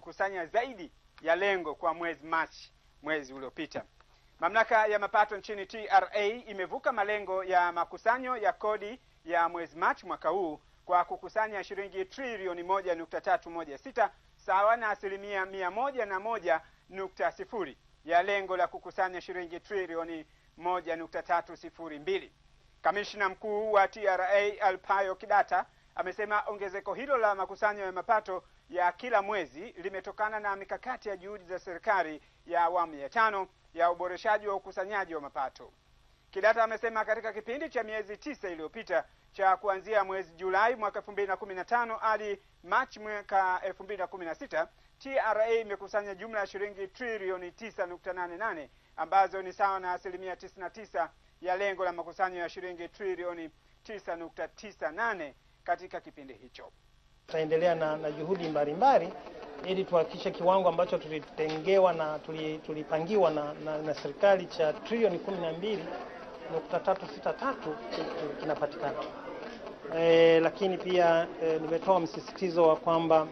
kukusanya zaidi ya lengo kwa mwezi Machi mwezi uliopita. Mamlaka ya mapato nchini TRA imevuka malengo ya makusanyo ya kodi ya mwezi Machi mwaka huu kwa kukusanya shilingi trilioni moja nukta tatu moja sita sawa na asilimia mia moja na moja nukta sifuri ya lengo la kukusanya shilingi trilioni moja nukta tatu sifuri mbili. Kamishna mkuu wa TRA Alpayo Kidata amesema ongezeko hilo la makusanyo ya mapato ya kila mwezi limetokana na mikakati ya juhudi za serikali ya awamu ya tano ya uboreshaji wa ukusanyaji wa mapato. Kidata amesema katika kipindi cha miezi tisa iliyopita cha kuanzia mwezi Julai mwaka 2015 hadi Machi mwaka 2016, TRA imekusanya jumla ya shilingi trilioni 9.88 ambazo ni sawa na asilimia 99 ya lengo la makusanyo ya shilingi trilioni 9.98 katika kipindi hicho. Tutaendelea na, na juhudi mbalimbali ili tuhakikishe kiwango ambacho tulitengewa na tulipangiwa na, na, na serikali cha trilioni 12.363 kinapatikana. E, lakini pia e, nimetoa msisitizo wa kwamba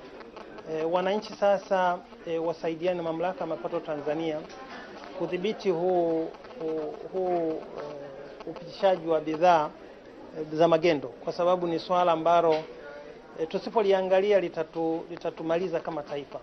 e, wananchi sasa e, wasaidiane na mamlaka ya mapato Tanzania kudhibiti huu huu, hu, uh, upitishaji wa bidhaa e, za magendo kwa sababu ni swala ambalo E, tusipoliangalia litatu, litatumaliza kama taifa.